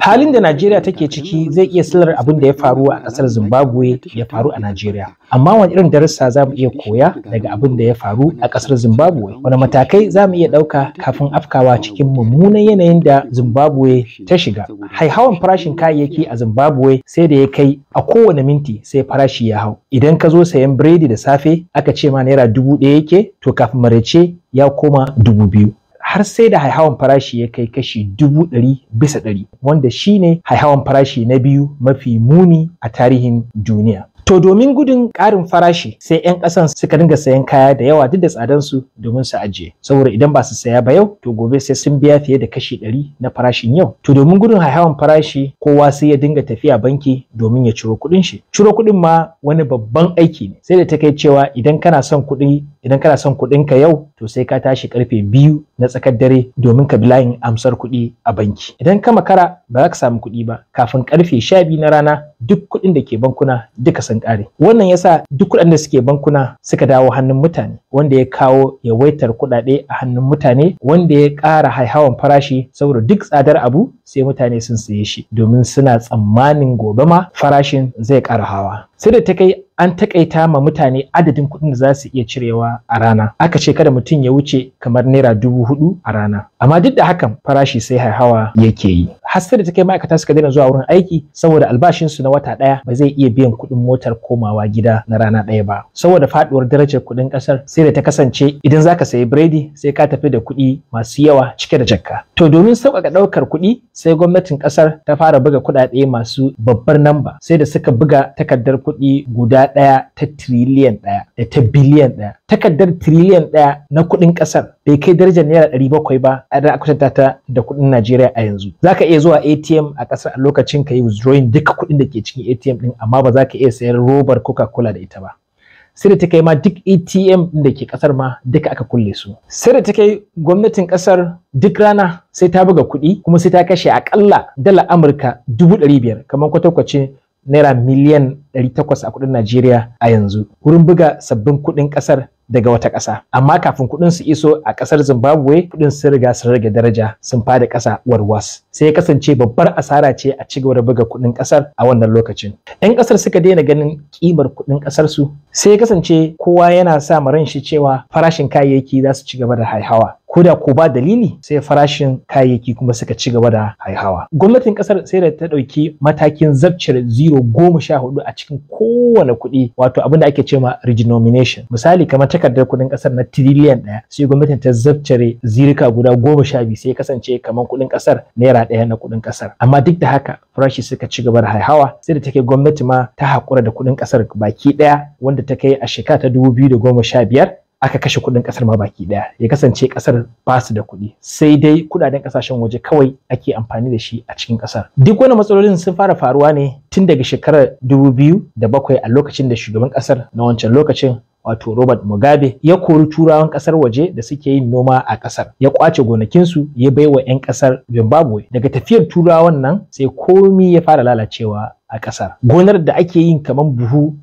halin da najeriya take ciki zai iya silar abin da ya faru a ƙasar zimbabwe ya faru a najeriya amma wani irin darussa za mu iya koya daga abin da ya faru a ƙasar zimbabwe wani matakai za mu iya ɗauka kafin afkawa cikin mummunan yanayin da zimbabwe ta shiga haihawan farashin kayayyaki a zimbabwe sai da ya kai a kowane minti sai farashi ya hau idan ka zo sayan biredi da safe aka ce ma naira dubu ɗaya yake to kafin marece ya koma dubu biyu har sai da haihawan farashi ya kai kashi dubu ɗari bisa ɗari wanda shine haihawan farashi na biyu mafi muni a tarihin duniya. To domin gudun ƙarin farashi sai 'yan ƙasan suka dinga sayan kaya da yawa duk da su domin su ajiye. Saboda idan ba su saya ba yau to gobe sai sun biya fiye da kashi ɗari na farashin yau. To domin gudun haihawan farashi kowa sai ya dinga tafiya banki domin ya ciro kuɗin shi. Ciro kuɗin ma wani babban aiki ne sai da ta kai cewa idan kana son kuɗi idan kana son kuɗinka yau to sai ka tashi karfe biyu na tsakar dare domin ka bi layin amsar kuɗi a banki idan ka makara ba za ka samu kuɗi ba kafin karfe sha biyu na rana duk kuɗin da ke bankuna duka sun ƙare wannan yasa duk kuɗin da suke bankuna suka dawo hannun mutane wanda ya kawo yawaitar kuɗaɗe a hannun mutane wanda ya ƙara haihawan farashi saboda duk tsadar abu sai mutane sun saye shi domin suna tsammanin gobe ma farashin zai ƙara hawa sai da ta kai an takaita ma mutane adadin kuɗin da za su iya cirewa a rana aka ce kada mutum ya wuce kamar naira dubu hudu a rana amma duk da hakan farashi sai haihawa yake yi har da ta kai ma'aikata suka daina zuwa wurin aiki saboda albashinsu na wata ɗaya ba zai iya biyan kuɗin motar komawa gida na rana ɗaya ba saboda faɗuwar darajar kuɗin ƙasar sai da ta kasance idan za ka sayi biredi sai ka tafi da kuɗi masu yawa cike da jakka to domin sauƙaƙa ɗaukar kuɗi sai gwamnatin ƙasar ta fara buga kuɗaɗe masu babbar namba sai da suka buga takardar kuɗi kuɗi guda ɗaya ta tiriliyan ɗaya da ta biliyan ɗaya takardar tiriliyan ɗaya na kuɗin ƙasar bai kai darajar naira ɗari bakwai ba a da kwatanta ta da kuɗin Najeriya a yanzu Za ka iya zuwa ATM a ƙasar a lokacin ka yi withdrawing duka kuɗin da ke cikin ATM ɗin amma ba za ka iya sayan robar Coca-Cola da ita ba sai da ta kai ma duk ATM ɗin da ke ƙasar ma duka aka kulle su. Sai da ta kai gwamnatin ƙasar duk rana sai ta buga kuɗi kuma sai ta kashe aƙalla dala Amurka dubu ɗari biyar kamar kwatankwacin naira miliyan 800 a kuɗin Najeriya a yanzu wurin buga sabbin kuɗin ƙasar daga wata ƙasa amma kafin kuɗin su iso a ƙasar Zimbabwe kuɗin sun riga sun rage daraja sun fada ƙasa warwas sai ya kasance babbar asara ce a ci gaba da buga kuɗin ƙasar a wannan lokacin ɗan ƙasar suka daina ganin ƙimar kuɗin ƙasar su sai ya kasance kowa yana sa ran shi cewa farashin kayayyaki za su ci gaba da haihawa ko da ko ba dalili sai farashin kayayyaki kuma suka ci gaba da haihawa gwamnatin kasar sai da ta ɗauki matakin zabcir zero goma sha hudu a cikin kowane kuɗi wato abin da ake ce ma regenomination misali kamar takardar kuɗin kasar na tiriliyan ɗaya sai gwamnatin ta zabcire zirika guda goma sha biyu sai kasance kamar kuɗin kasar naira ɗaya na kuɗin kasar amma duk da haka farashi suka ci gaba da haihawa sai da take gwamnati ma ta haƙura da kuɗin kasar baki ɗaya wanda ta kai a shekara ta dubu biyu da goma sha biyar aka kashe kuɗin ƙasar ma baki ɗaya ya kasance kasar ba su da kuɗi sai dai kudaden ƙasashen waje kawai ake amfani da shi a cikin ƙasar duk wani matsalolin sun fara faruwa ne tun daga shekarar dubu biyu da bakwai a lokacin da shugaban ƙasar na wancan lokacin wato Robert Mugabe ya kori turawan kasar waje da suke yin noma a kasar ya kwace gonakinsu ya bai wa 'yan kasar Zimbabwe daga tafiyar turawan nan sai komi ya fara lalacewa a kasar gonar da ake yin kaman buhu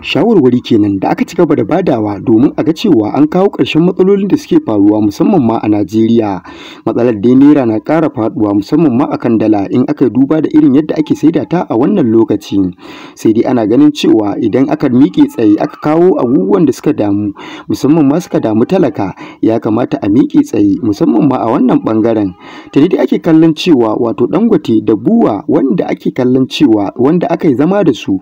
shawarwari kenan da aka ci gaba da badawa domin a ga cewa an kawo ƙarshen matsalolin da suke faruwa musamman ma a Najeriya matsalar dai naira na ƙara faduwa musamman ma akan dala in aka duba da irin yadda ake saida ta a wannan lokaci sai dai ana ganin cewa idan aka miƙe tsaye aka kawo abubuwan da suka damu musamman ma suka damu talaka ya kamata a miƙe tsaye musamman ma a wannan bangaren ta dai ake kallon cewa wato Dangote da Buwa wanda ake kallon cewa wanda aka yi zama da su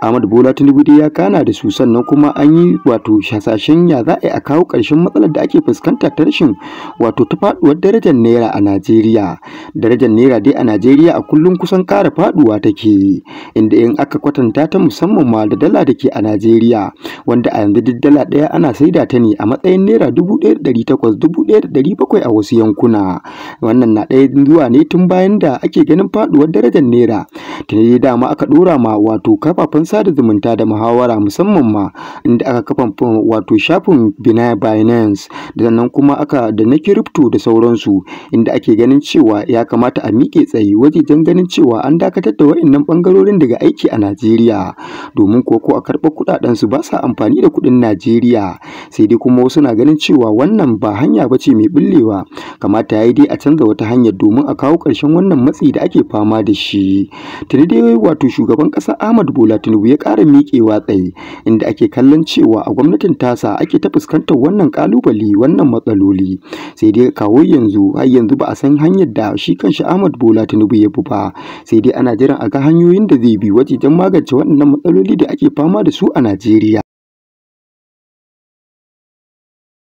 Ahmad Bola Tinubu dai ya kana da su sannan kuma an yi wato shasashen ya za a yi a kawo ƙarshen matsalar da ake fuskanta ta rashin wato ta faduwar darajar naira a Najeriya darajar naira dai a Najeriya a kullum kusan ƙara faduwa take inda in aka kwatanta ta musamman ma da dala da ke a Najeriya wanda a yanzu duk dala ɗaya ana saida ta ne a matsayin naira dubu ɗaya da ɗari takwas dubu ɗaya da ɗari bakwai a wasu yankuna wannan na ɗaya zuwa ne tun bayan da ake ganin faduwar darajar naira da dama aka ɗora ma wato kafafen sada zumunta da muhawa shawara musamman ma inda aka kafa wato shafin Binance da nan kuma aka da na crypto da sauransu inda ake ganin cewa ya kamata a miƙe tsaye wajen ganin cewa an dakatar da waɗannan ɓangarorin daga aiki a Najeriya domin ko ko a karɓar kuɗaɗen su ba sa amfani da kuɗin Najeriya sai dai kuma wasu na ganin cewa wannan ba hanya ba ce mai ɓullewa kamata ya yi dai a canza wata hanya domin a kawo ƙarshen wannan matsi da ake fama da shi tuni dai wato shugaban ƙasa Ahmad Bola Tinubu ya ƙara miƙewa tsaye suka inda ake kallon cewa a gwamnatin tasa ake ta fuskantar wannan kalubale wannan matsaloli sai dai kawo yanzu har yanzu ba a san hanyar da shi kanshi Ahmad Bola Tinubu ya bi ba sai dai ana jiran a ga hanyoyin da zai bi wajen magance waɗannan matsaloli da ake fama da su a Najeriya